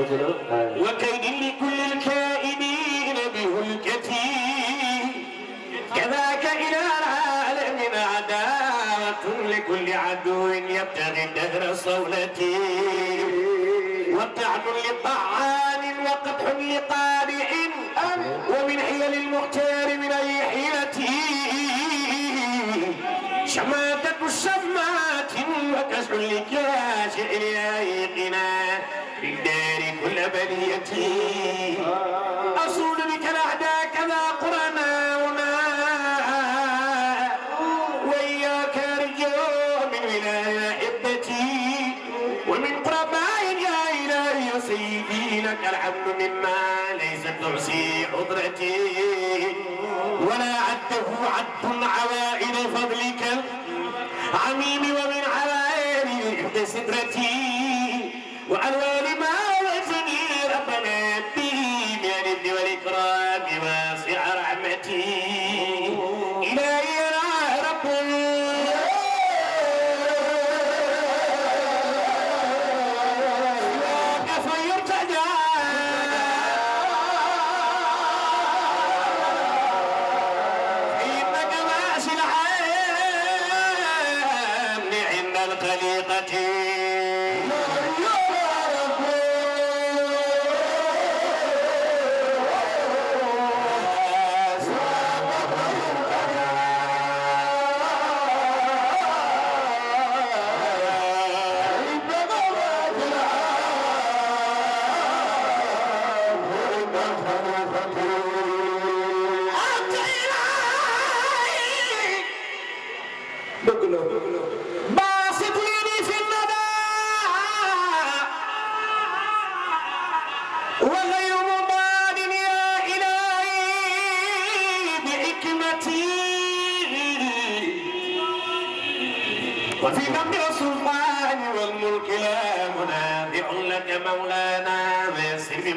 وكيد لكل الكائدين بهلكتي كذاك إلى العالم عداوة لكل عدو يبتغي الدهر صولتي وطعن لطعان وقدح لقارئ ومن حيل المختار من أي حيلة شماتة الشمات وكسح لكاشئ يا يقنا بالدهر كل بليتي أصول بك الأعداء كذا قرناؤنا وإياك أرجو من ولاية إبتي ومن قرباء يا إلهي يا سيدي لك الحمد مما ليس تحصي قدرتي ولا عده عد عوائد فضلك عميم ومن عوائد إحدى سترتي وألواني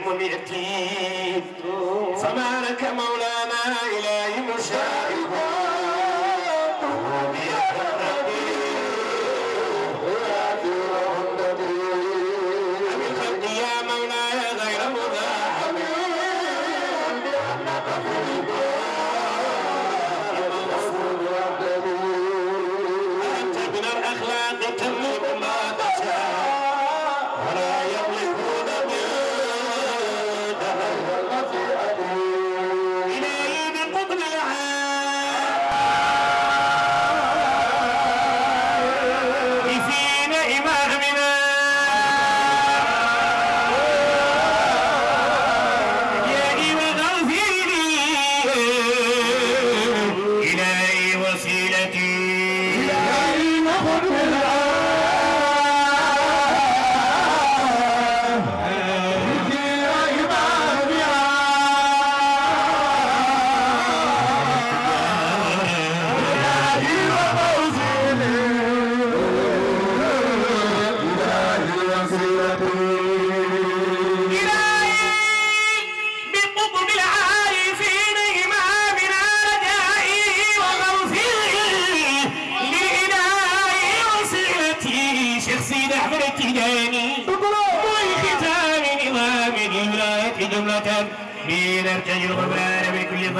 المنيتين سبحانك مولانا إلهي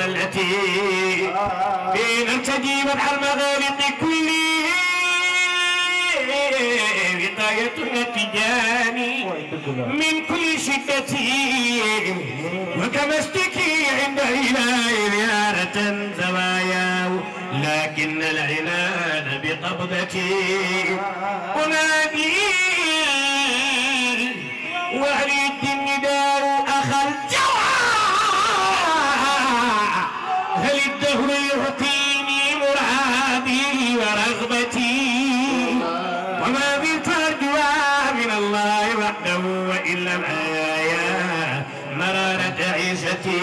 التي لنرتدي منع المغارب كله وقايتنا التجاني من كل شدتي وكما اشتكي عند إلهي زيارة زواياه لكن العنان بقبضتي هناك وحده وإلا الآيات مرارة عيشتي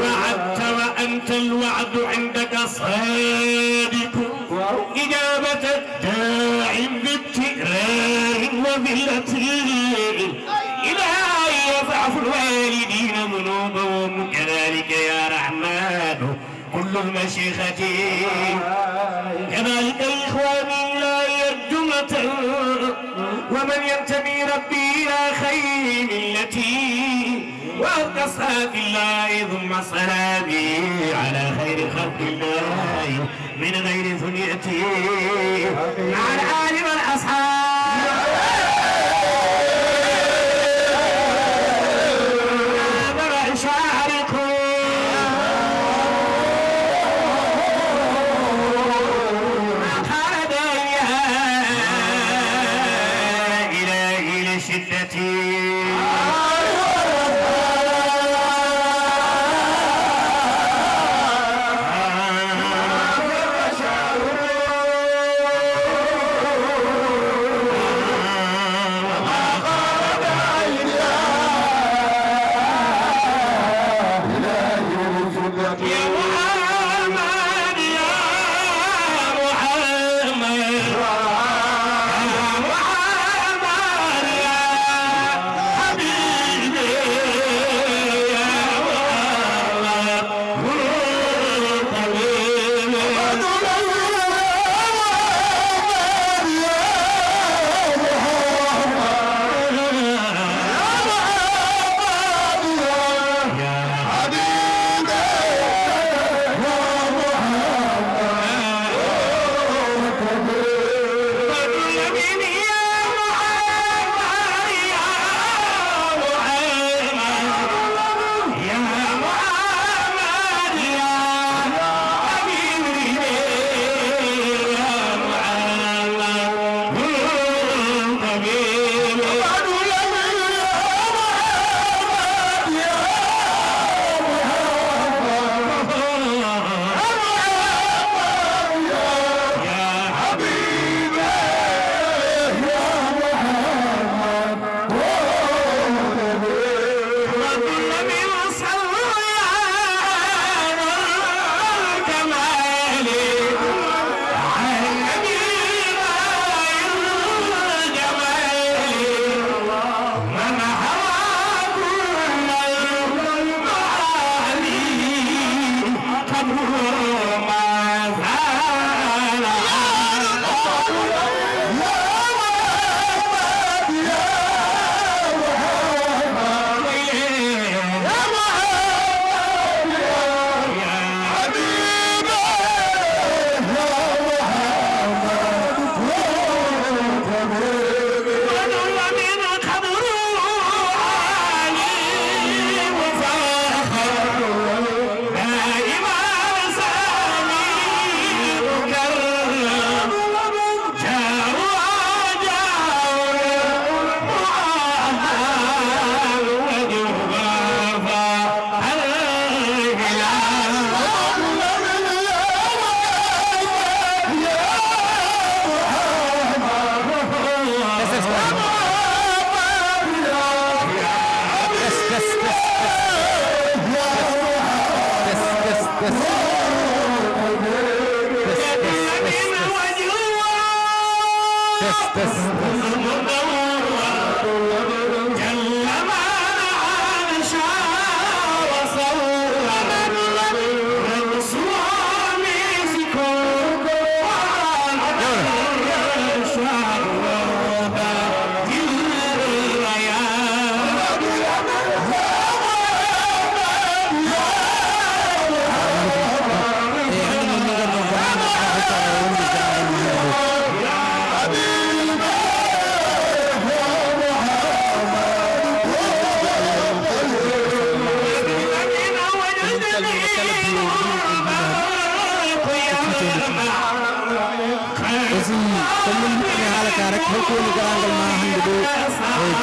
وعدت وأنت الوعد عندك صادق إجابة داع بابتئرار وبالتي إلهي يضعف الوالدين ذنوبهم كذلك يا رحمن كل المشيخة كذلك إخواني لا يرجمة فمن ينتمي ربي إلى خير ملتي وأقصى في الله ثم صلابي على خير خلق الله من غير ثنيتي مع الآل والأصحاب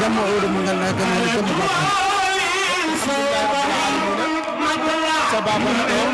ನಮ್ಮ ಊರು ಮಂಗಲನಾಯಕ ನಾಯಕ ಸಭಾಪತಿ ಸಭಾಪತಿ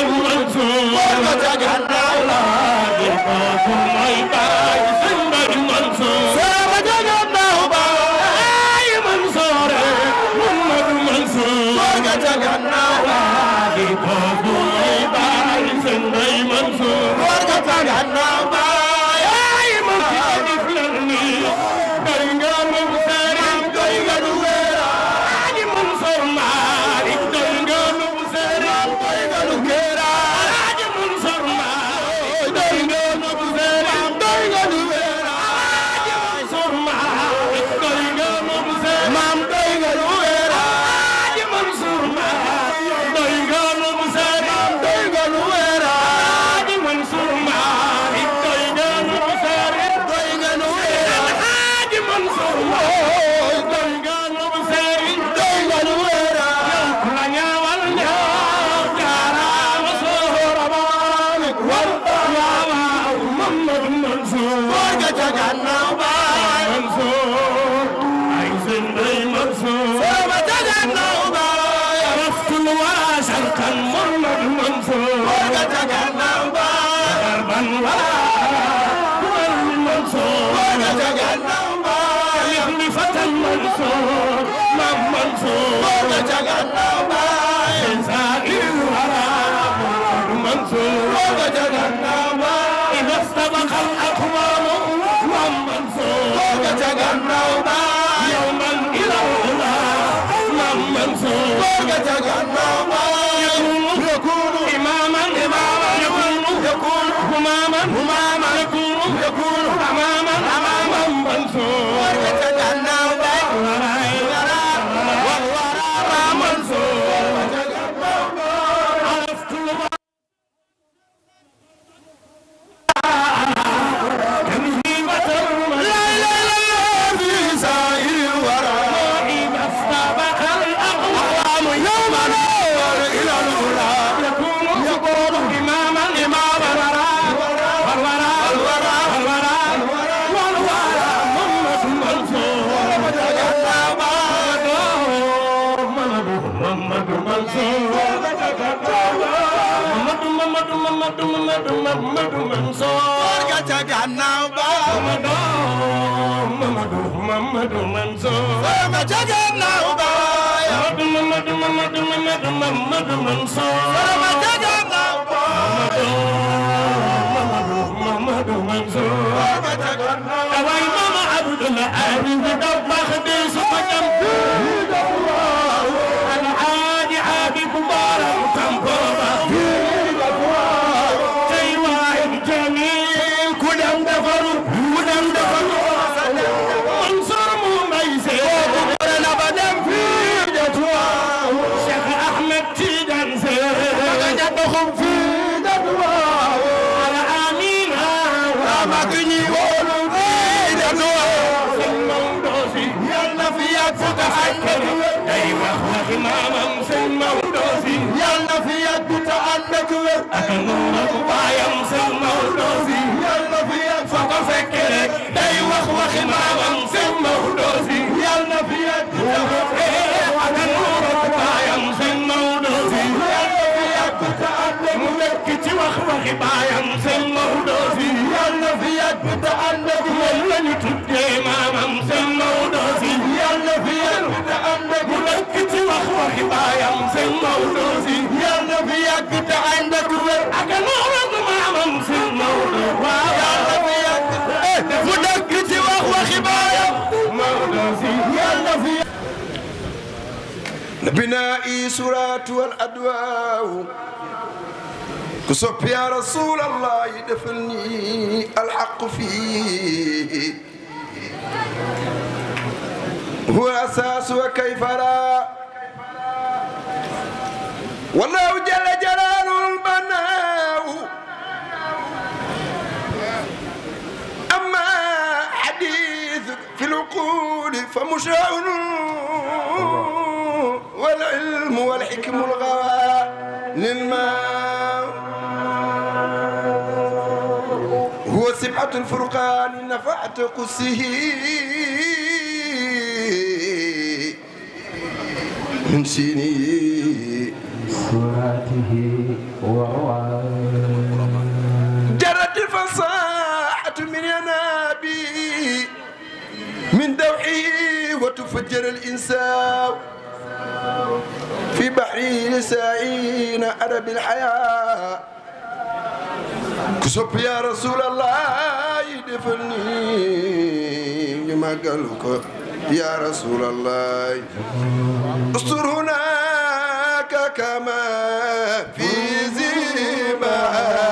الرسول وقد جعلنا لكم أيضا Jagannath Ahmadu Mamadu Mansoor ga ca gannaaw ba Ahmadu Mamadu Mamadu Mansoor ga ca gannaaw ba Ahmadu Mamadu Mamadu Mamadu Mamadu Mansoor ga ca gannaaw ba Mamadu Mamadu Mansoor ga ca gannaaw ba way mama Abdullah ari da bax de su ko jam baayam sëñ Maodo si yàlla fi yàgg te ànd ak moom lañu tuddee maamam bu nekk ci wax waxi baayam sëñ Maodo si yal na fi yàgg te ànd ak wér ak nooram maamam sëñ Maodo waaw yal na fi yàgg bu nekk ci wax waxi baayam Maodo si yal na fi binaa'i suraat wal adwaaw ku sopp yaa rasuulallahi defal ni alxaq fii هو أساس وكيف لا والله جل جلال البناء أما حديث في العقول فمشاع والعلم والحكم الغوى للماء هو سبعة الفرقان نفعت قسه محسنه سراته ورواه جرت الفصاحة من ينابي من دوحه وتفجر الإنسان في بحره ساعين أرب الحياة كسب يا رسول الله يدفني لما قالوا يا رسول الله استر هناك كما في زمان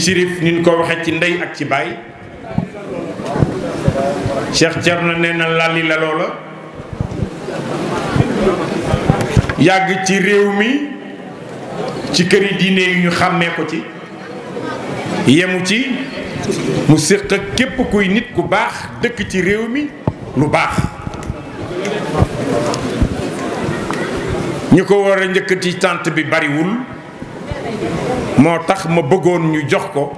sirif nin ko waxee ci ndey ak ci baay Cheikh Thierno nee na lali la loola yàgg ci réew mi ci këri diine yu ñu xàmmee ko ci yemu ci mu séq képp kuy nit ku baax dëkk ci réew mi lu baax ñu ko war njëkk ci tànt bi bariwul moo tax ma bëggoon ñu jox ko.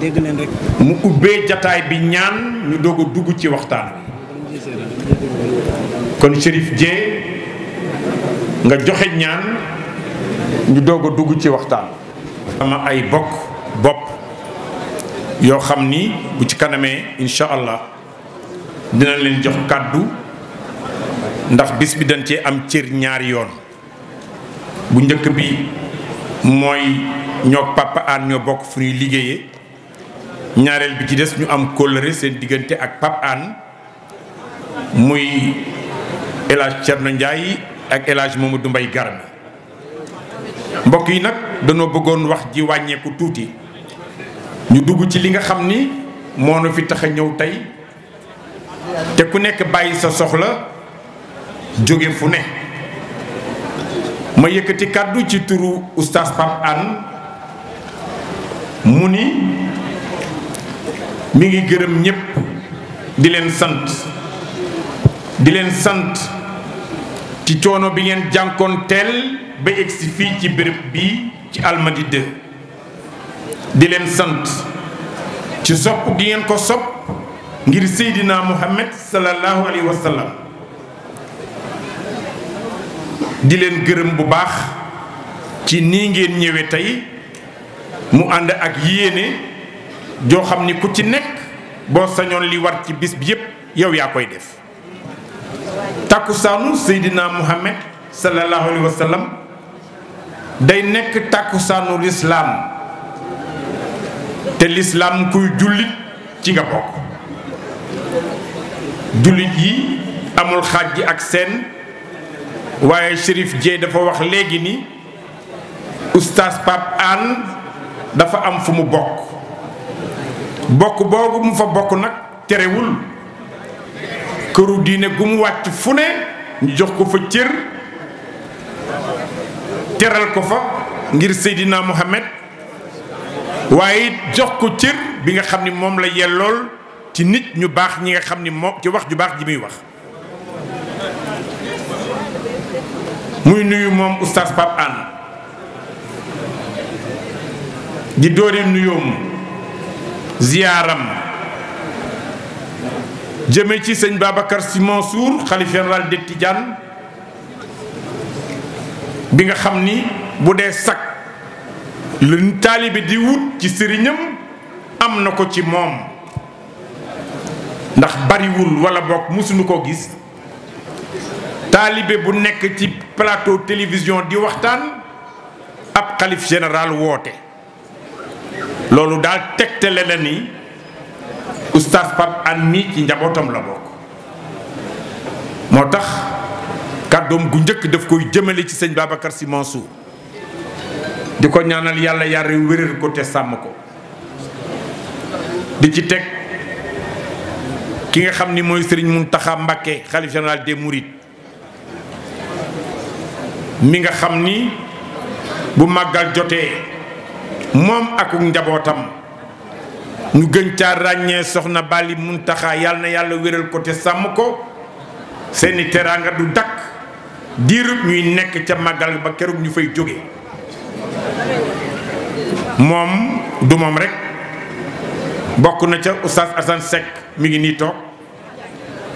dégg leen rek. mu ubbee jataay bi ñaan ñu doog a dugg ci waxtaan bi. kon Chérif Dieng nga joxe ñaan ñu doog a dugg ci waxtaan. sama ay bokk bopp yoo xam ni bu ci kanamee incha allah dina leen jox kàddu ndax bis bi dañ cee am cër ñaari yoon bu njëkk bi. mooy ñoo papa aan ñoo bokk fu ñuy liggéeyee ñaareel bi ci des ñu am kóllëre seen diggante ak pap aan muy El Hadj Thierno ak El Hadj Mamadou Mbaye Garmi mbokk yi nag dañoo bëggoon wax ji wàññeeku tuuti ñu dugg ci li nga xam ni moo nu fi tax a ñëw tey te ku nekk bàyyi sa soxla jóge fu ne ma yëkkati kàddu ci turu oustaz Pape Hann mu ni mu ngi gërëm ñépp di leen sant di leen sant ci coono bi ngeen jànkoon teel ba egsi fii ci bërëb bi ci Almadies di leen sant ci sopp gi ngeen ko sopp ngir Seydina Muhammad sallallahu alayhi wa di leen gërëm bu baax ci nii ngeen ñëwee tey mu ànd ak yéene joo xam ni ku ci nekk boo sañoon li war ci bis bi yépp yow yaa koy def tàkkusaanu seydina muhammad sallallahu alayhi wa day nekk tàkkusaanu lislaam te lislaam kuy jullit ci nga bokk jullit yi amul xaaj ji ak seen waaye Chérif Dieng dafa wax léegi ni oustaz Pape Hann dafa am fu mu bokk bokk boobu mu fa bokk nag terewul këru diine gu mu wàcc fu ne ñu jox ko fa cër teral ko fa ngir Seydina Mohamed waaye it jox ko cër bi nga xam ni moom la yellool ci nit ñu baax ñi nga xam ni moom ci wax ju baax ji muy wax muy nuyu moom oustaz Pape Hann di dóori nuyoom ziyaaram jëme ci sëñ Babacar Sy Mansour xalif général de Tidiane bi nga xam ni bu dee sag lu taalibe di wut ci sëriñam am na ko ci moom ndax bariwul walla bokk mësuñu koo gis taalibe bu nekk ci plateau télévision di waxtaan ab xalif général woote loolu daal tegtale na ni oustaz Pape Hann mi ci njabootam la bokk moo tax kàddoom gu njëkk daf koy jëmale ci sëñ Babacar Sy Mansour di ko ñaanal yàlla yàlla wéral ko te sàmm ko di ci teg ki nga xam ni mooy sëriñ Mountakha Mbacké xalif général des Mourides mi nga xam ni bu màggal jotee moom ak njabootam ñu gën caa ràññee soxna Bali Muntaxa yàlla na yàlla wéral ko te sàmm ko seeni teraanga du dakk diirub ñuy nekk ca màggal ba keroog ñu fay jóge moom du moom rekk bokk na ca Oustaz Assane Seck mi ngi nii toog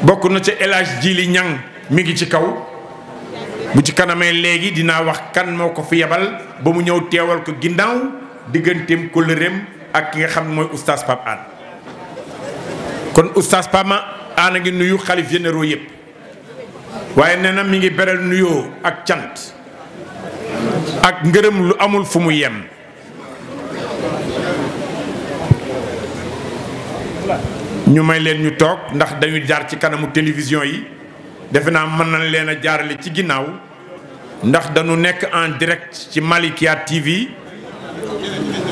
bokk na ca El Hadj li Ñang mi ngi ci kaw bu ci kanamee léegi dinaa wax kan moo ko fi yebal ba mu ñëw teewal ko ginnaaw digganteem kóllëreem ak ki nga xam ne mooy oustaz Pape Hann kon oustaz Pape Hann ngi nuyu xalif généraux yëpp waaye nee na mi ngi beral nuyoo ak cant ak ngërëm lu amul fu mu yem ñu may leen ñu toog ndax dañuy jaar ci kanamu télévision yi defe naa mën na leen a jaarale ci ginnaaw ndax dañu nekk en direct ci Malikia TV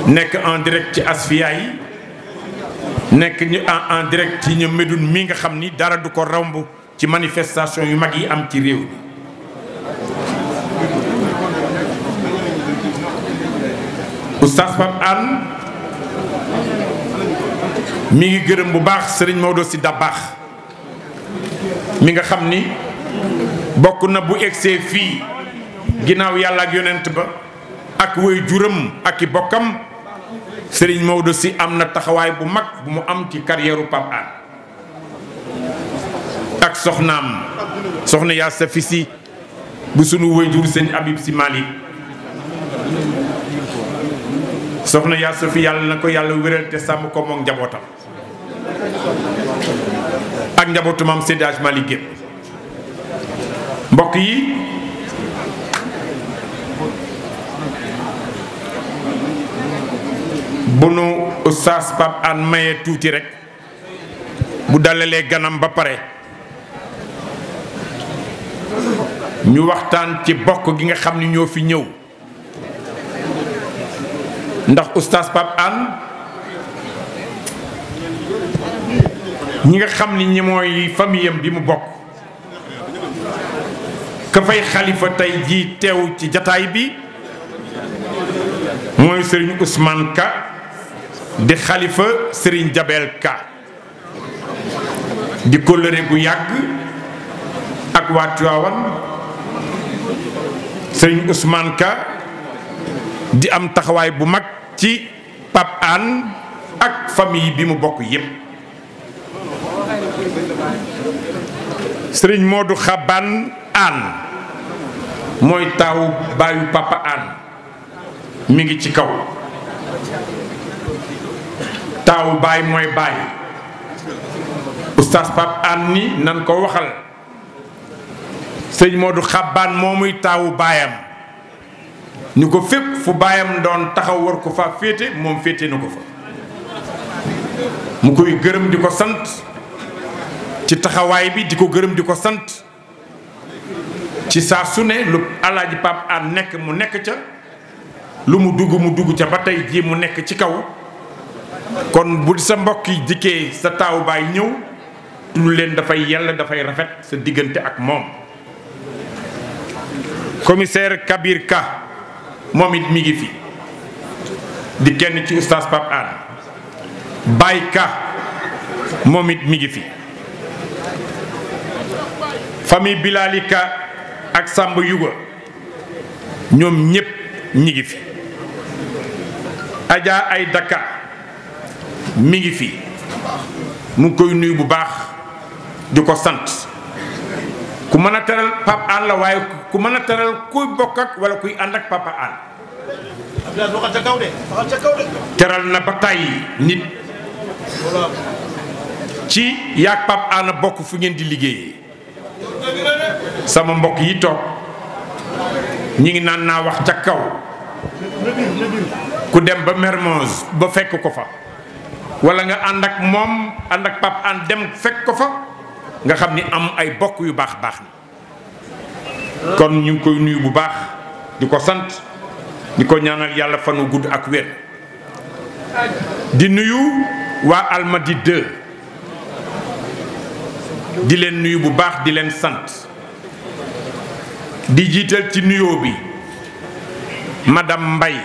nekk en direct ci Asfiya yi nekk ñu en direct ci ñu Médoune mi nga xam ni dara du ko romb ci manifestation yu mag yi am ci réew mi Oustaz Pape Hann mi ngi gërëm bu baax Serigne Maodo da baax mi nga xam ni bokk na bu egsee fii ginnaaw yàlla ak yonent ba ak way juram ak i bokkam Serigne Maodo si am na taxawaay bu mag bu mu am ci carrière u Pape ak soxnaam soxna yaa sa fisi bu sunu wayjur sëñ Habib si Malick soxna yaa yàlla na ko yàlla wéral te sàmm ko moom njabootam ak njabootu maam Seydi Hadji Malick gépp mbokk yi bu nu oustaz Pape Hann mayee tuuti rekk bu dalalee ganam ba pare ñu waxtaan ci bokk gi nga xam ni ñoo fi ñëw ndax oustaz Pape Hann ñi nga xam ni ñi mooy famiyam bi mu bokk ka fay xalifa tey jii teew ci jataay bi mooy sëriñ Ousmane Ka di xalifa sëriñ Jabel Ka di kóllëre gu yàgg ak waa Tiwaawan sëriñ Ousmane di am taxawaay bu mag ci Pape Hann ak famille bi mu bokk yépp sëriñ Modou Xaban Aan mooy taawu baayu papa Aan mi ngi ci kaw taawu baay mooy baay oustaz Pape Aan ni nan ko waxal sëriñ Modou Xaban moomuy taawu baayam ñu ko fépp fu baayam doon taxaw war ko faa féete moom féete na ko fa mu koy gërëm di ko sant ci taxawaay bi di ko gërëm di ko sant ci saa su ne lu alaaji Pape nekk mu nekk ca lu mu dugg mu dugg ca ba tey jii mu nekk ci kaw kon bu sa mbokk yi dikkee sa taawu baay ñëw tudd leen dafay yàlla dafay rafet sa diggante ak moom commissaire Kabir Ka moom it mi ngi fi di kenn ci oustaz Pape Hann Ka moom it mi ngi fi famille Bilalika ak Samba Yuga ñoom ñépp ñi ngi fi Adja ay Daka mi ngi fi mu ngi koy nuyu bu baax di ko sant ku mën a teral Pape la waaye ku mën a teral kuy bokk ak wala kuy ànd ak Papa Hann teral na ba tàyyi nit ci yaag Pape bokk fu ngeen di liggéeyee sama mbokk yi toog ñi ngi naan naa wax ca kaw ku dem ba Mermoz ba fekk ko fa wala nga ànd ak moom ànd ak pap dem fekk ko fa nga xam ni am ay bokk yu baax baax na kon ñu ngi koy nuyu bu baax di ko sant di ko ñaanal yàlla fanu gudd ak wen di nuyu waa Almadies 2 di leen nuyu bu baax di leen sant di jiital ci nuyoo bi madam Mbay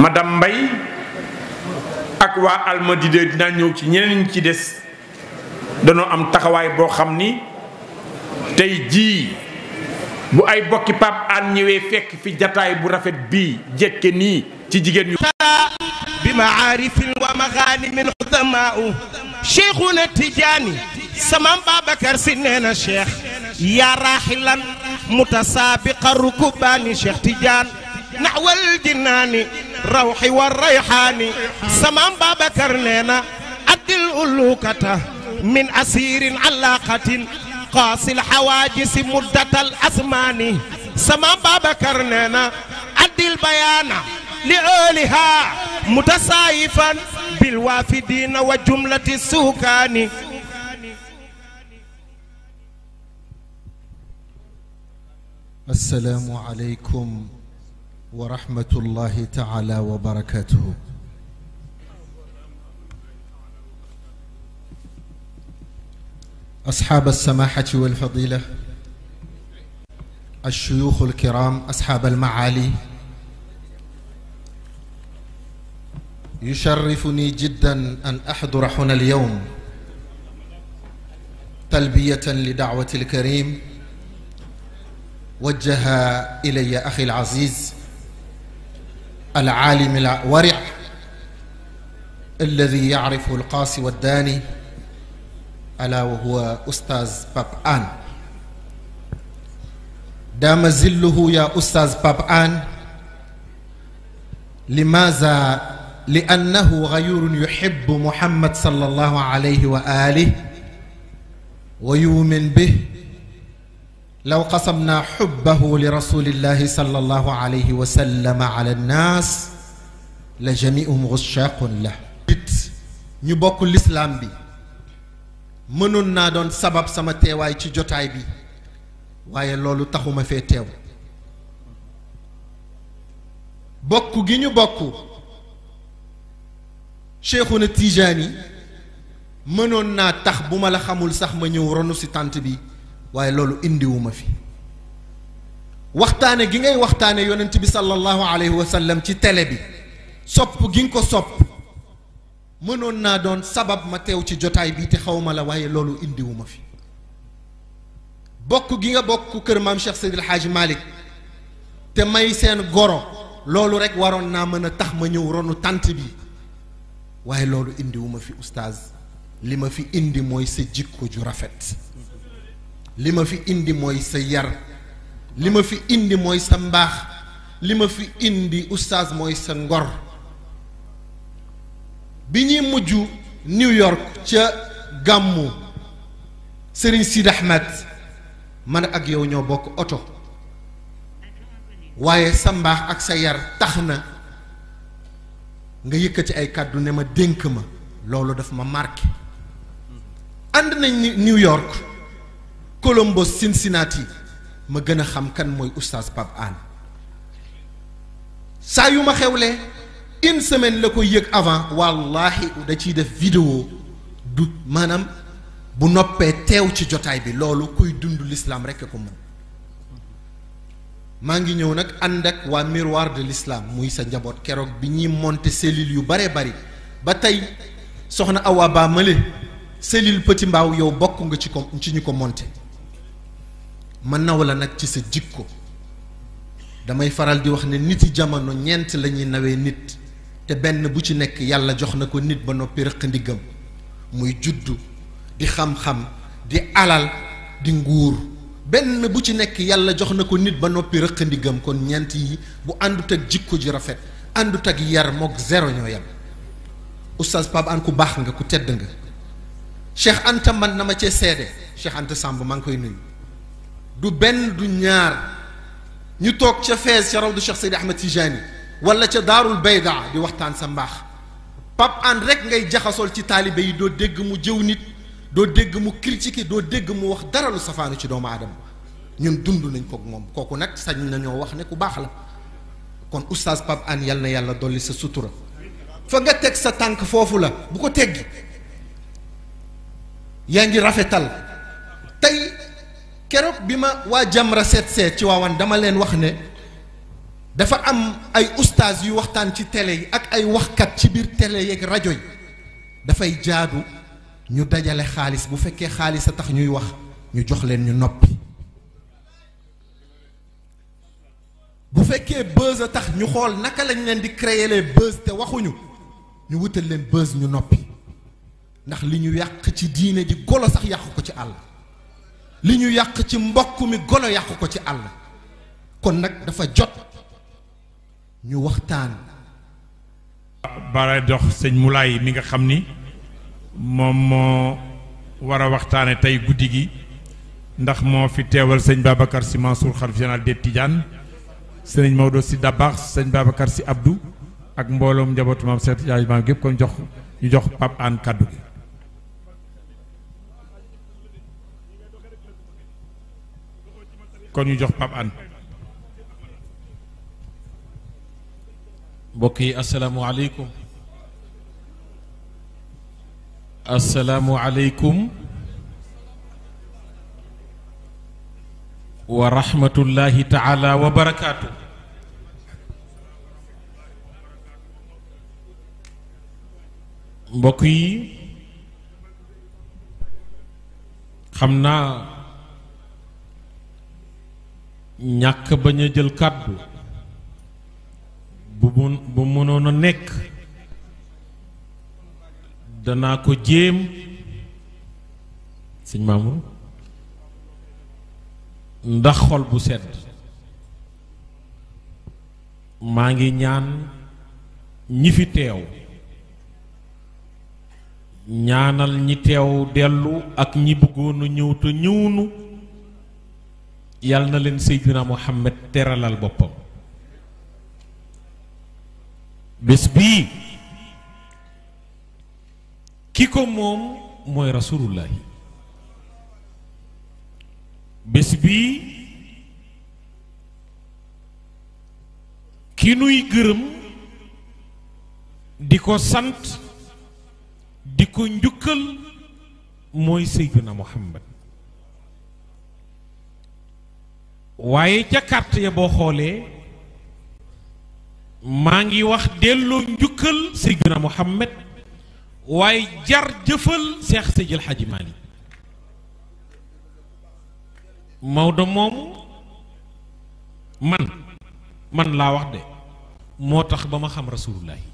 madame Mbay ak waa Almadina dinaa ñëw ci ñeneen ñi ci des danoo am taxawaay boo xam ni tey jii bu ay bokki Pape Hann ñëwee fekk fi jataay bu rafet bii jekke nii ci jigéen yu maarifin wa maghanimin xudamaau cheikhuna tijaani samam babacar si nee na cheikh yaa raaxilan mutasaabiqa rukubaani cheikh tidiane naxwal jinaani rawxi wa rayxaani samam babacar nee na addil ulukata min asirin alaqatin qaasil xawaajisi muddatal asmaani samam babacar nee na addil bayaana لأهلها متسايفا بالوافدين وجملة السكان السلام عليكم ورحمة الله تعالى وبركاته أصحاب السماحة والفضيلة الشيوخ الكرام أصحاب المعالي يشرفني جدا أن أحضر هنا اليوم تلبية لدعوة الكريم وجه إلي أخي العزيز العالم الورع الذي يعرف القاسي والداني ألا وهو أستاذ بابآن دام زله يا أستاذ بابآن لماذا li annahu gayurun yuhibbu muhammad sallallahu alayhi wa alihi wa yumin bih law qasamnaa xubbahu li rasulillahi sallallahu alayhi wa sallam ala nnaas la jamiuhum gushaaqun la it ñu bokk lislaam bi mënoon naa doon sabab sama teewaay ci jotaay bi waaye loolu taxuma fee teew bokk gi ñu bokk Cheikhuna Tijaani mënoon naa tax bu ma la xamul sax ma ñëw ronu si tànt bi waaye loolu indiwuma fi waxtaane gi ngay waxtaane yonent bi sallallahu alayhi wa sallam ci télé bi sopp gi nga ko sopp mënoon naa doon sabab ma teew ci jotaay bi te xaw ma la waaye loolu indiwuma fi bokk gi nga bokk kër maam Cheikh Seydil Hadji Malick te may seen goro loolu rek waroon naa mën a tax ma ñëw ronu tànt bi waaye loolu indiwuma fi oustaz li ma fi indi mooy sa jikko ju rafet li ma fi indi mooy sa yar li ma fi indi mooy sa mbaax li ma fi indi oustaz mooy sa ngor bi ñuy mujj New York ca gàmmu Serigne Sid Ahmed man ak yow ñoo bokk oto waaye sa mbaax ak sa yar tax na nga yëkkati ay kàddu ne ma dénk ma loolu daf ma marqué ànd nañ New York Columbus Cincinnati ma gën a xam kan mooy oustaz Pape Hann saa yu ma xewlee une semaine la ko yëg avant wallahi da ciy def vidéo du maanaam bu noppee teew ci jotaay bi loolu kuy dund lislaam rekk ko mën maa ngi ñëw nag ànd ak waa miroir de lislaam muy sa njaboot keroog bi ñuy monter selil yu bare bari ba tey soxna Awa Ba Male cellule Petit Mbaaw yow bokk nga ci ko ci ñu ko monte ma naw la nag ci sa jikko damay faral di wax ne nit yi jamono ñeent lañuy nawee nit te benn bu ci nekk yàlla jox na ko nit ba noppi rëq ndiggam muy juddu di xam-xam di alal di nguur benn bu ci nekk yàlla jox na ko nit ba noppi rëq ndigam kon ñeent yi bu àndut ak jikko ji rafet àndut ak yar mook zéro ñoo yam oustaz Pape An ku baax nga ku tedd nga Cheikh Anta man na ma cee seede Cheikh Anta Samb maa ngi koy nuyu du benn du ñaar ñu toog ca Fès ca rawdu Cheikh Seydi Ahmed Tijani wala ca Daarul Bayda di waxtaan sa mbaax Pape An rek ngay jaxasool ci taalibe yi doo dégg mu jëw nit doo dégg mu critiquer doo dégg mu wax dara lu safaanu ci doomu aadama ñun dund nañ kook moom kooku nag sañ nañoo wax ne ku baax la kon oustaz Pape Hann na yàlla dolli sa sutura fa nga teg sa tànk foofu la bu ko teggi yaa ngi rafetal tey keroog bi ma waa Jamra seet seet ci waawan dama leen wax ne dafa am ay oustaz yu waxtaan ci télé yi ak ay waxkat ci biir télé yeeg rajo yi dafay jaadu ñu dajale xaalis bu fekkee xaalis a tax ñuy wax ñu jox leen ñu noppi bu fekkee buzz a tax ñu xool naka lañ leen di créer les buzz te waxuñu ñu wutal leen buzz ñu noppi ndax li ñu yàq ci diine ji golo sax yàq ko ci àll li ñu yàq ci mbokk mi golo yàq ko ci àll kon nag dafa jot ñu waxtaan. bara dox sëñ Moulay mi nga xam ni. moom moo war a waxtaane tey guddi gi ndax moo fi teewal sëñ Babacar Sy Mansour xalif général des Tidianes sëriñ Maodo Sy Dabax sëñ Babacar Sy Abdou ak mbooloom njabootu maam seet yaay maam gépp kon jox ñu jox Pape Hann kàddu gi kon ñu jox Pape Hann mbokk yi asalaamaaleykum asalaamualeykum wa rahmatullahi taala wa barakaatu. mbokk yi xam naa ñàkk bañ a jël kàddu bu mun a nekk. danaa ko jéem sëñ Mamour ndax xol bu sedd maa ngi ñaan ñi fi teew ñaanal ñi teew dellu ak ñi bëggoonu ñëw te ñëwunu yàlla na leen Seydina Muhammad teralal boppam bés bii ki ko moom mooy rasulullahi bés bii ki nuy gërëm di ko sant di ko njukkal mooy Seydina Muhammad waaye ca carte ya boo xoolee maa ngi wax delloo njukkal Seydina Muhammad waaye jar jëfal seex Seydil Hadji Malick Maodo moomu man man laa wax de moo tax ba ma xam rasulullahi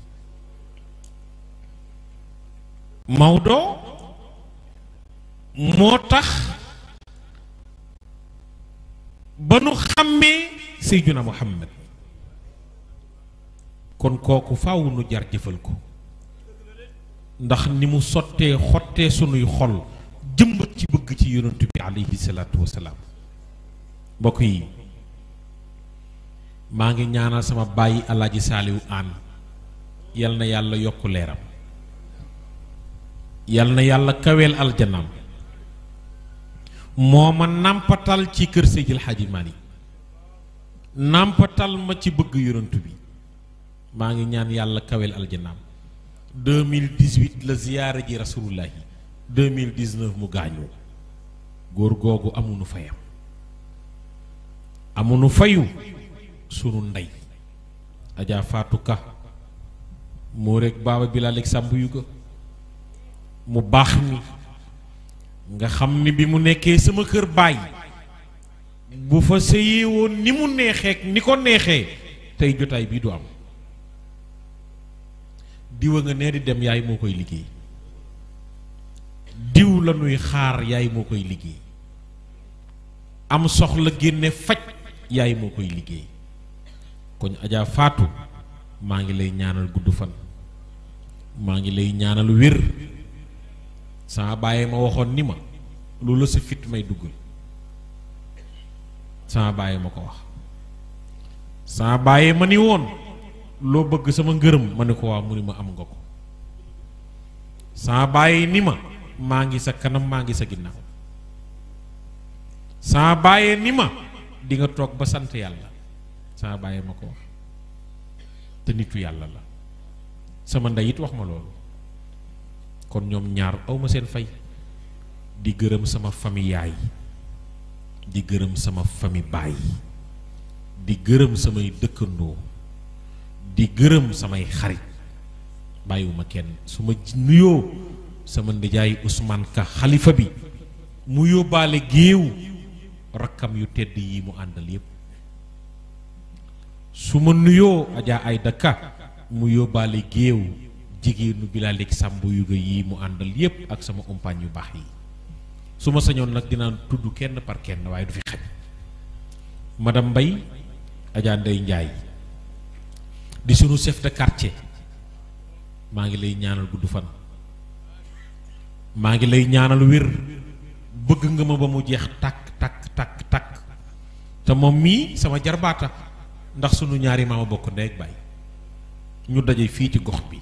Maodo moo tax ba nu xàmmee Seydina Muhammad kon kooku faaw nu jar jëfal ko ndax ni mu sottee xottee sunuy xol jëmbat ci bëgg ci yonent bi aleyhi mbokk yi maa ngi ñaanal sama bàyyi alaaji saaliwu aan yal na yàlla yokk leeram yal na yàlla kaweel aljanaam moo nàmpatal ci kër Seydil Hadji Malick nàmpatal ma ci bëgg yonent bi maa ngi ñaan yàlla kaweel aljanaam 2018 la ziyaara ji rasulullah yi 2019 mu gaañu góor googu amunu fayam amunu fayu sunu ndey Adja Fatou Ka moo rek baaba Bilal ak sàmb yu ko mu baax mi nga xam ni bi mu nekkee sama kër baay bu fa sëyee woon ni mu neexee ni ko neexee tey jotaay bii du am diwa nga nee di dem yaay moo koy liggéey diw la ñuy xaar yaay moo koy liggéey am soxla génne faj yaay moo koy liggéey koñ ajaa Faatu maa ngi lay ñaanal gudd fan maa ngi lay ñaanal wér sama bàyyi ma waxoon ni ma loolu sa fit may dugg sama bàyyi ma ko wax sama bàyyi ma ni woon loo bëgg sama ngërëm ma ne ko waaw mu ni ma am nga ko saa bàyyi ni ma maa ngi sa kanam maa ngi sa ginnaaw saa bàyyee ni ma di nga toog ba sant yàlla saa bàyyee ma ko wax te nitu yàlla la sama ndey it wax ma loolu kon ñoom ñaar awma seen fay di gërëm sama famille yaay di gërëm sama famille baay di gërëm samay dëkkandoo di gërëm samay xarit bàyyiwuma kenn su ma nuyoo sama ndijaay Ousmane Ka xalifa bi mu yóbbaale géew rakkam yu tedd yi mu àndal yépp su ma nuyoo Adja ay Ka mu yóbbaale géew jigéenu bilaalik sàmb yuga yi mu àndal yépp ak sama compagne yu baax yi su ma sañoon nag dinaan tudd kenn par kenn waaye du fi xaj madame mbay Adja Ndeye Ndiaye di sunu chef de quartier maa ngi lay ñaanal gudd fan maa ngi lay ñaanal wér bëgg nga ma ba mu jeex takk takk takk takk te moom mii sama jarbaata ndax sunu ñaari maama bokk ndey ak baay ñu daje fii ci gox bi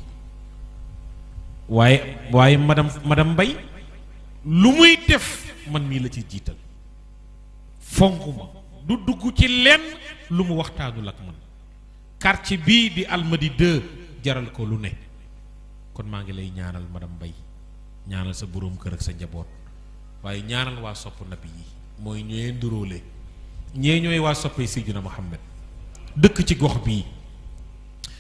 waaye waaye madame madame Mbaye lu muy def man mii la ci jiital fonk ma du dugg ci lenn lu mu waxtaanul ak man quartier bii di almadi jaral ko lu ne kon maa ngi lay ñaanal madame Mbaye ñaanal sa boroom kër ak sa njaboot waaye ñaanal waa sopp nabi yi mooy ñooy nduróole ñee ñooy waa soppe Seydina Muhammad dëkk ci gox bii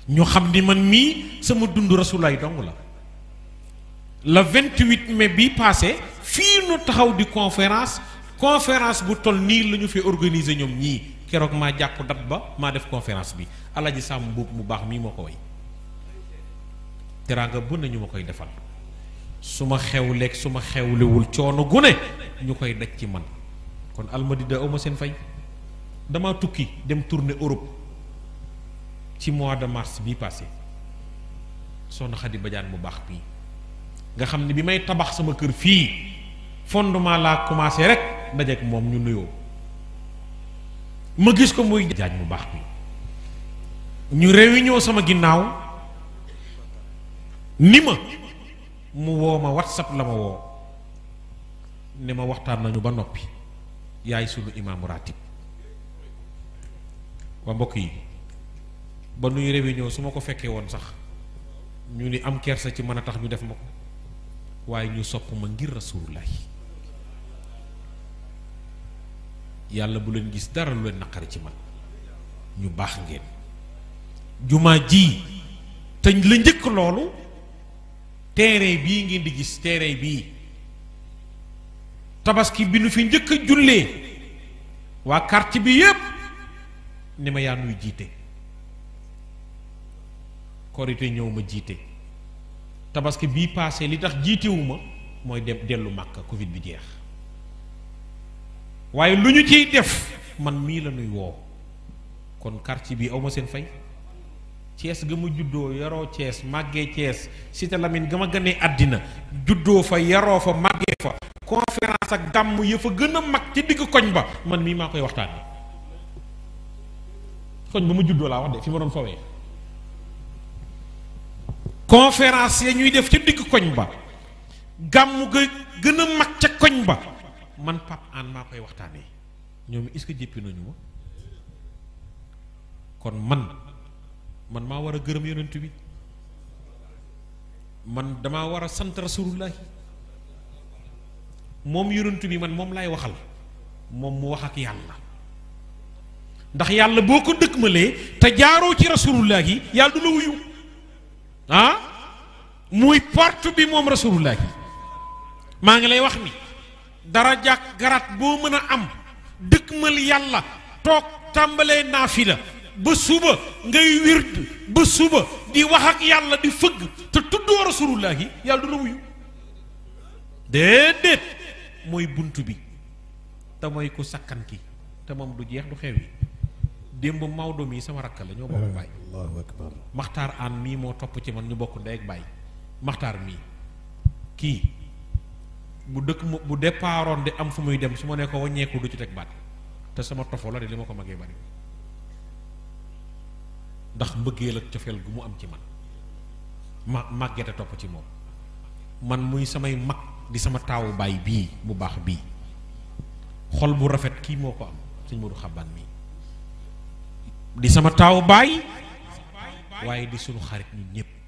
ñu xam ni man mii sama dund rasulaay dong la le 28 mai bi passé fii nu taxaw di conférence conférence bu toll nii lañu fi organiser ñoom ñii keroog maa jàpp dat ba maa def conférence bi alaji sàmm mbuub mu baax mii moo ko way teraanga bu ne ñu ma koy defal su ma xewleeg su ma xewlewul coono gune ñu koy daj ci man kon almadi awma seen fay dama tukki dem tournée Europe ci mois de mars bii passé soxna Xadi Bajaan mu baax bii nga xam ne bi may tabax sama kër fii fondement laa commencé rek ndajeek moom ñu nuyoo ma gis ko muy jaaj mu baax bi ñu réunion sama ginnaaw ni ma mu woo ma whatsapp la ma woo ne ma waxtaan nañu ba noppi yaay sunu imaamu ratib waa mbokk yi ba nuy réunion su ma ko fekkee woon sax ñu ni am kersa ci mën a tax ñu def ma ko waaye ñu sopp ma ngir rasulullah yàlla bu leen gis dara lu leen naqari ci man ñu baax ngeen jumaa ji te la njëkk loolu terrain bii ngeen di gis terrain bii tabaski bi nu fi njëkk a jullee waa kàrt bi yépp ni ma yaa nuy jiite korite ñëw ma jiite tabaski bii paase li tax jiitewuma mooy dem dellu màkka covid bi jeex waaye lu ñu ciy def man mii la ñuy woo kon quartier bii awma seen fay Cees ga ma juddoo yaroo Cees màggee Cees Cité Lamine ga ma àddina juddoo fa yaroo fa màggee fa gën a mag ca digg koñ ba man mii maa koy waxtaanee koñ ba ma juddoo laa wax de fi ma doon fawee conférence ya ñuy def ca dikk koñ ba gàmm ga gën a mag ca koñ ba man Pape Hann maa koy waxtaanee ñoom est-ce jéppi nañu ma kon man man maa war a gërëm yonent man dama war a sant rasulullahi moom yonent man moom laay waxal moom mu wax ak yàlla ndax yàlla boo ko dëkkmalee te jaaroo ci rasulullahi yàlla du la wuyu ah muy porte bi moom rasulullahi maa ngi lay wax ni dara jàkk garat boo mën a am dëkk mal yàlla toog tàmbalee naafila ba suba ngay wird ba suba di wax ak yàlla di fëgg te tuddoo rasulullahi yàlla du la wuyu déedéet mooy bunt bi te mooy ku sakkan ki te moom du jeex du xew yi démb Maodo mii sama rakk la ñoo bokk bàyyi maxtaar aan mii moo topp ci man ñu bokk ndey ak bàyyi maxtaar mii kii bu dëkk mu bu depaaroon di am fu muy dem su ma ne ko wàññeeku du ci teg baat te sama tofo la de li ma ko magee bari ndax mbëggeel ak cofeel gu mu am ci man ma màggete topp ci moom man muy samay mag di sama taawu baay bii bu baax bii xol bu rafet kii moo ko am sëñ Modou Xaban mii di sama taawu baay waaye di sunu xarit ñun ñëpp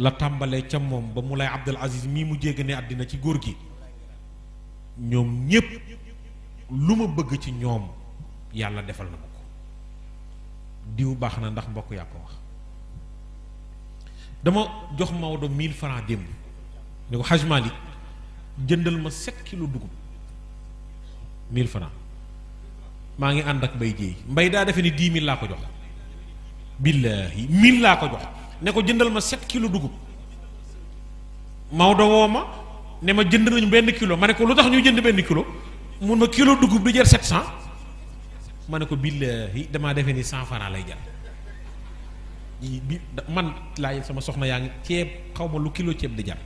la tàmbalee ca moom ba mu lay Abdul Aziz mii mu jéggane àddina ci góor gi ñoom ñépp lu ma bëgg ci ñoom yàlla defal na ma ko diw baax na ndax mbokk yaa ko wax dama jox Maodo mille francs démb ni ko Haj jëndal ma sept kilo dugub mille francs maa ngi ànd ak mbay jéey mbay daa defe ni dix laa ko jox billaahi mille laa ko jox ne ko jëndal ma 7 kilo dugub Maodo woo ma ne ma jënd nañu benn kilo ma ne ko lu tax ñu jënd benn kilo mun ma kilo dugub di jar 700 ma ne ko billahi damaa defe ni 100 francs lay jar bi man laaj sama soxna yaa ngi ceeb xaw ma lu kilo ceeb di jar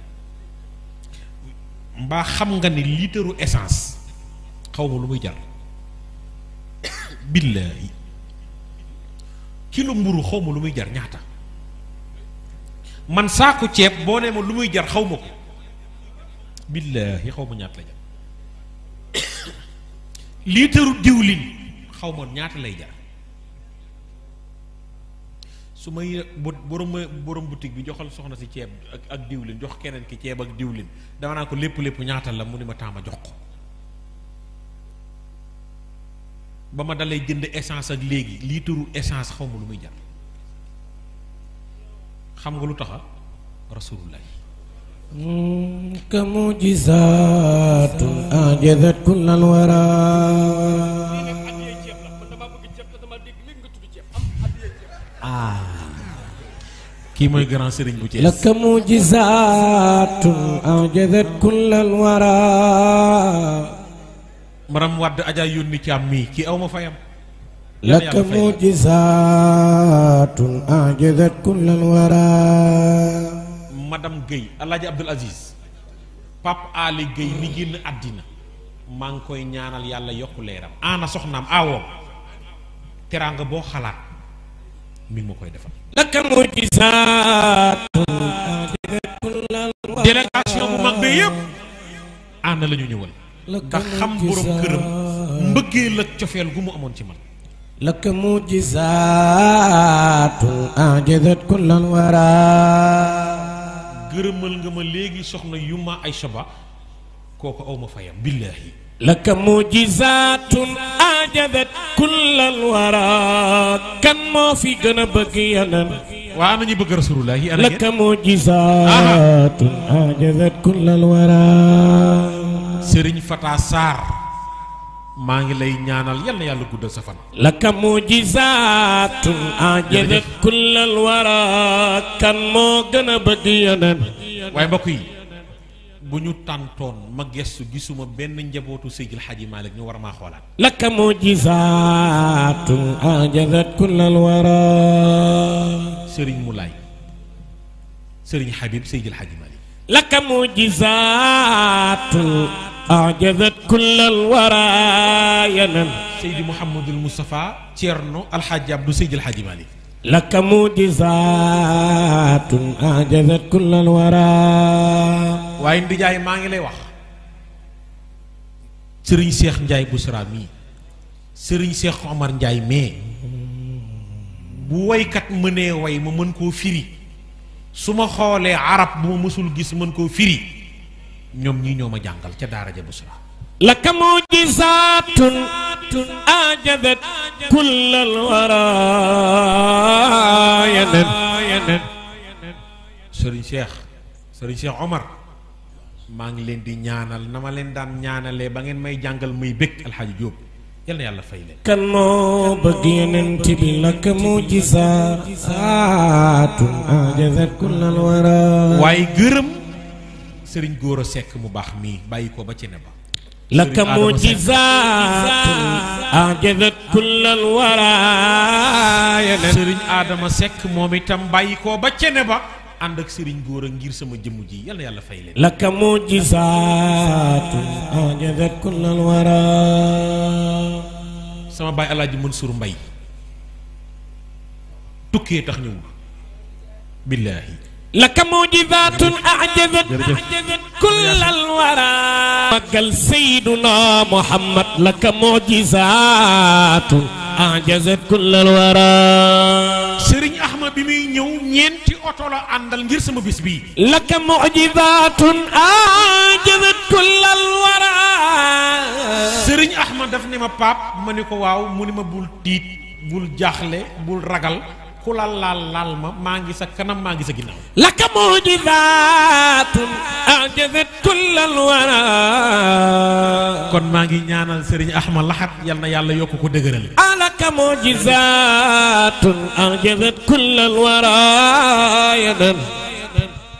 mbaa xam nga ni liitaru essence xaw ma lu muy jar billahi kilo mburu xaw ma lu muy jar ñaata. man saaku ceeb boo nee ma lu muy jar xaw ma ko billaahi xaw ma ñaata lay jar liitaru diwlin xaw ma ñaata lay jar su may borom borom boutique bi joxal soxna si ceeb ak ak diwlin jox keneen ki ceeb ak diwlin dama naa ko lépp lépp ñaata la mu ni ma taama jox ko ba ma dalee jënd essence ak léegi liitaru essence xaw ma lu muy jar xam nga lu taxa rasulullahi ka mujizatun ajazat kullal wara ah kii mooy bu Thiès la ka mujizatun ajazat kullal wara maram kii aw ma لك معجزات أعجزت كل الورى madame Guèye Alaaji Abdul Aziz Pape Ali Guèye mi génn àddina maa ngi koy ñaanal yàlla yokku leeram ana soxnaam awoom teraanga boo xalaat mi ma koy defal laka mujisaat délégation bu mag bi yëpp ana la ñëwal ndax xam borom këram mbëggee la cofeel gu mu amoon ci man لك معجزات أعجزت كل الورى gërëmal nga ma léegi soxna Yuma Aïcha Ba kooku aw ma fayam billaahi لك معجزات أعجزت كل الورى kan moo fi gën a waa nañu bëgg Rasulullah لك معجزات أعجزت كل الورى Serigne Fata Sarr maa ngi lay ñaanal yal na yàlla guddal sa fan laka mujizaatun ajabat moo gën a bëgg yeneen waaye mbokk yi bu ñu tàntoon ma gestu gisuma benn njabootu Seydil xaji Malick ñu war maa xoolaat laka mujizaatun ajabat kullal wara sëriñ Moulay sëriñ Habib Seydil Hadji Malick laka mujizaatun أعجزت كل الورى ينم سيدي محمد المصطفى تيرنو الحاج عبد سيد الحاج مالي لك معجزات أعجزت كل الورى وين دي جاي ماغي لي واخ سيرن شيخ نجاي بوسرا مي سيرن شيخ عمر نجاي مي bu waykat mënee way ma mën koo firi su ma xoolee arab bu ma mësul gis mën koo firi ñoom ñii ñoo ma jàngal ca daara ja Busra laka mujisaatun ajadat kullal wara yeneen yeneen sëriñ Cheikh maa ngi leen di ñaanal na ma leen daan ñaanale ba ngeen may jàngal muy bëgg alxaaji Jóob yal na yàlla fay leen kan moo bëgg yonent bi laka mujisaatun ajadat kullal wara waaye gërëm sëriñ góor a sekk mu baax mii bàyyi ko ba ci ne ba laka mujizaatu ajazat waraa yeneen sëriñ aadama sekk moom itam bàyyi ba ci ne ba ànd ak sëriñ góor a ngir sama jëmm ji yal yàlla fay leen laka mujizaatu ajazat kullal waraa sama baay alaaji Mansour Mbay tukkee tax ñëwul billaahi لك موجبات أعجبت كل الورى مقل سيدنا محمد لك معجزات أعجزت كل الورى سيرين أحمد بمي نيو نينتي أطولة أندل غير سمو بسبي لك معجبات أعجزت كل الورى سيرين أحمد دفني ما باب مني كواو مني ما بول تيت بول جاخلة بول رجل ku la laal laal ma maa ngi sa kanam maa ngi sa ginnaaw laka mujizaatun ajazat kullal wara kon maa ngi ñaanal sëriñ Ahma Laxat yal na yàlla yokk ko dëgëral alaka mujizaatun ajazat kullal wara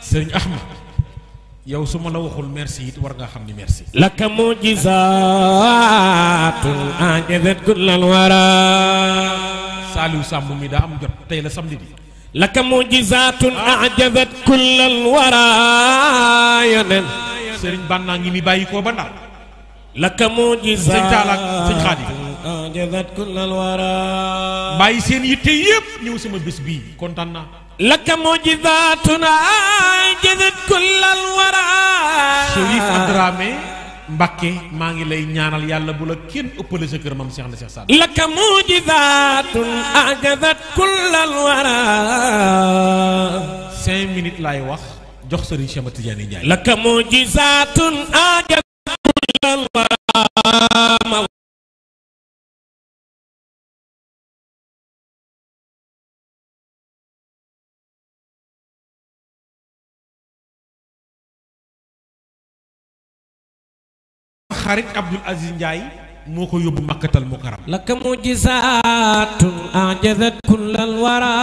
sëriñ Ahma yow su ma la waxul merci it war nga xam ni merci. laka mujizaatun ajazat kullal wara. Saliou Samb mi daa am jot tey la samedi bi. laka mujizaatun ajazat kullal wara yonen. Serigne Banna ngi ni bàyyi ko ba ndar. laka mujizaatun sëñ Talla ak sëñ Xaadi. ajazat kullal wara. bàyyi seen yitte yëpp ñëw sama bés bii kontaan naa. لك معجزاتنا جذت كل الورى Chérif Adramé Mbacke maa ngi lay ñaanal yàlla bu la kenn ëppale sa kër maam Cheikh na Cheikh Sall لك معجزات أعجزت كل الورى cinq minutes xarit Abdul Aziz Ndiaye moo ko yóbbu makkatal mukarram laka mujisaatun ajazat kullal wara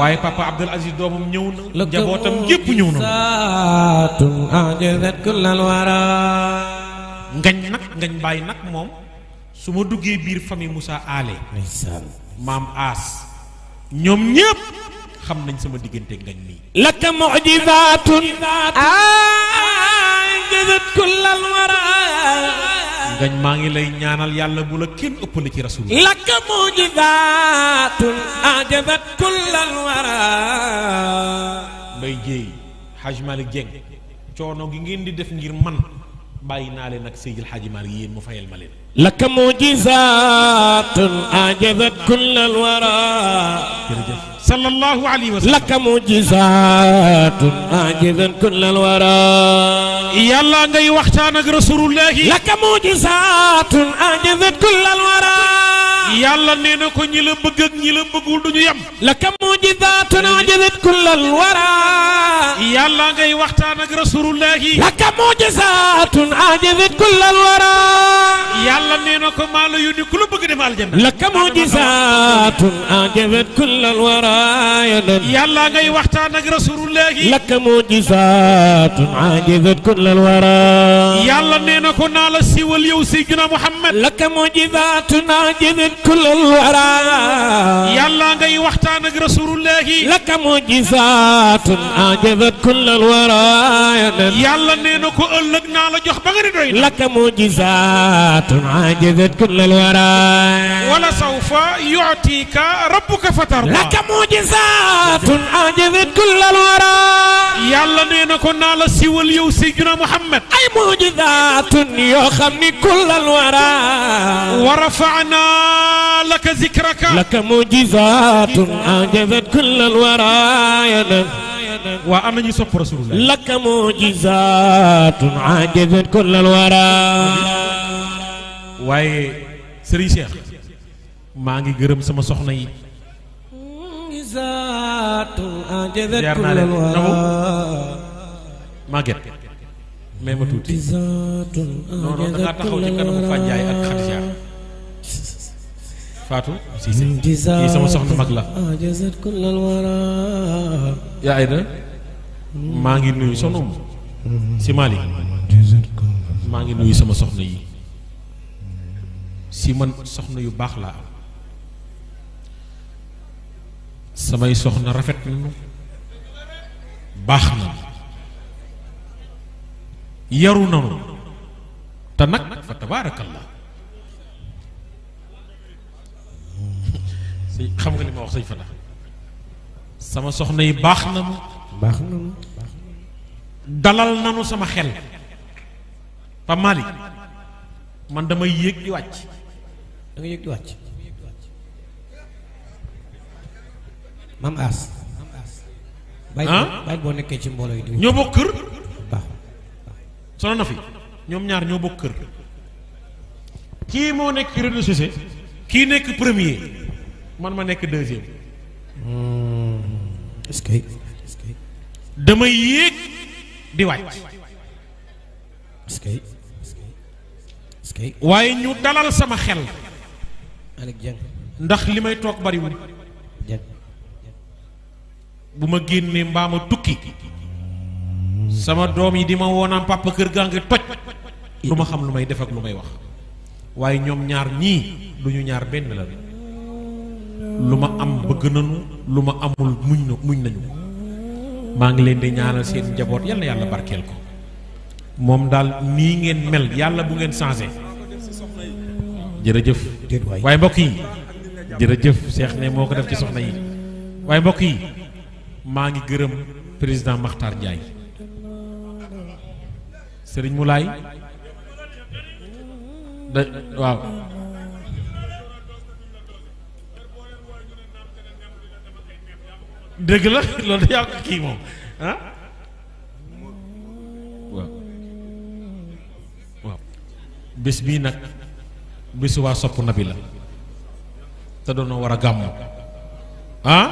waaye papa Abdul Aziz doomam ñëw na njabootam gépp ñëw na ngañ nag ngañ bàyyi nag moom su ma duggee biir famille Moussa Ale maam As ñoom ñépp xam nañ sama diggante ngañ mii laka mujizaatun ajazat kullal wara ngañ maa ngi lay ñaanal yàlla bu la kenn ëppale ci rasul laka mujizaatun ajazat kullal wara mbay jéey Haj Malick Dieng coono gi ngeen di def ngir man bàyyi naa leen ak Seydil Haaji Malick yéen mu fayal ma leen laka mujizaatun ajazat kullal wara jërëjëf sallallahu alayhi wa sallam laka mujizaatun ajizan kullal wara yàlla ngay waxtaan ak rasulullahi laka mujizaatun ajizan kullal wara yàlla nee na ko ñi la bëgg ak ñi la bëggul duñu yem laka mujizaatun ajizat kullal wara yàlla ngay waxtaan ak rasulullahi laka mujizaatun ajizat kullal wara yàlla nee na ko maa la yónni ku la bëgg dem aljanna laka mujizaatun ajizat kullal wara waayadan yàlla ngay waxtaan ak rasulullahi laka mujizaatun ajizat kullal wara yàlla nee na ko naa la siiwal yow Seydina Muhammad laka mujizaatun ajizat kullal wara yàlla ngay waxtaan ak rasulullahi laka mujizaatun ajizat kullal wara yàlla nee na ko ëllëg naa la jox ba nga ne doy laka mujizaatun ajizat kullal wara wala sawfa yu'tika rabbuka fatarda mu'jizaatun ajazat kullal waraa. yàlla nee na ko naa la siiwal yow Seydina Muhammad. ay mu'jizaatun yoo xam ni kullal waraa. wa rafa'naa laka zikraka. laka mu'jizaatun ajazat kullal waraa. waa am nañu sopp rasulullah laka mu'jizaatun ajazat kullal waraa waaye Serigne Cheikh maa ngi gërëm sama soxna yi jaar naa sama soxna mag la yaa Aïda maa ngi nuyu soxna si Mali maa ngi nuyu sama soxna yi si man soxna yu baax laa samay soxna rafet nañu baax na yaru nañu te nag fa tabaarakallah si xam nga li ma wax sama soxna yi baax na mu baax na mu dalal nañu sama xel Pa man damay yéeg di wàcc da nga yéeg wàcc maam As. ah bàyyi boo nekkee ci mboolooy yi ñoo bokk kër. baax fi ñoom ñaar ñoo bokk kër. kii moo nekk rez de kii nekk premier. man ma nekk deuxième. Hmm. est-ce que est-ce que. damay yéeg di wàcc. que est que. waaye ñu dalal sama xel. Malick Dieng. ndax li may toog bariwul. Dieng. bu ma génnee mbaa tukki sama doom yi di ma woonaam papa kër gaa ngi toj lu ma xam lu may def ak lu may wax waaye ñoom ñaar ñii lu ñu ñaar benn la lu ma am bëgg nañu lu ma amul muñ muñ nañu maa ngi leen di ñaanal seen njaboot yal yàlla barkeel ko moom daal nii ngeen mel yàlla bu ngeen changé jërëjëf waaye mbokk yi jërëjëf seex ne moo ko def ci soxna yi waaye mbokk yi maa ngi gërëm président Makhtar Ndiaye sëriñ Moulay da waaw dëgg la loolu yaa ko kii moom ah waaw bés bii nag bésu waa sopp na bi la te doon na war a gàmmu ah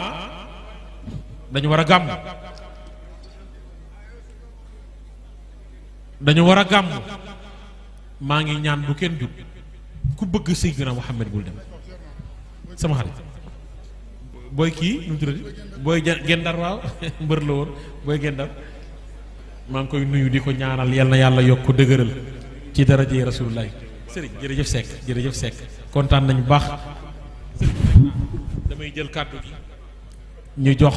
dañu war a gàmm dañu war a gàmm maa ngi ñaan bu kenn jub ku bëgg Seydina Muhammad bul dem sama xarit booy booy gendar mbër la woon booy gendar maa ngi koy nuyu di ko ñaanal yal na yàlla yokk ko dëgëral ci daraje rasulullahi jërëjëf Seck jërëjëf Seck kontaan nañu baax damay jël kàddu gi ñu jox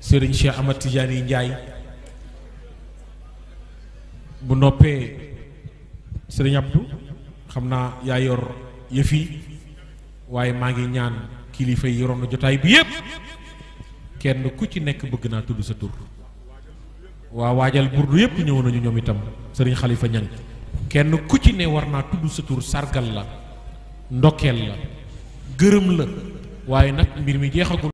sëriñ Cheikh Ahmad Tidiane Ndiaye bu noppee sëriñ Abdou xam naa yaa yor yëf waaye maa ngi ñaan kilifa yi yoroon jotaay bi yépp kenn ku ci nekk bëgg naa tudd sa tur waa waajal burdu yépp ñëw nañu ñoom itam sëriñ xalifa Niang kenn ku ci ne war naa tudd sa tur sargal la ndokkeel la gërëm la waaye nag mbir mi jeexagul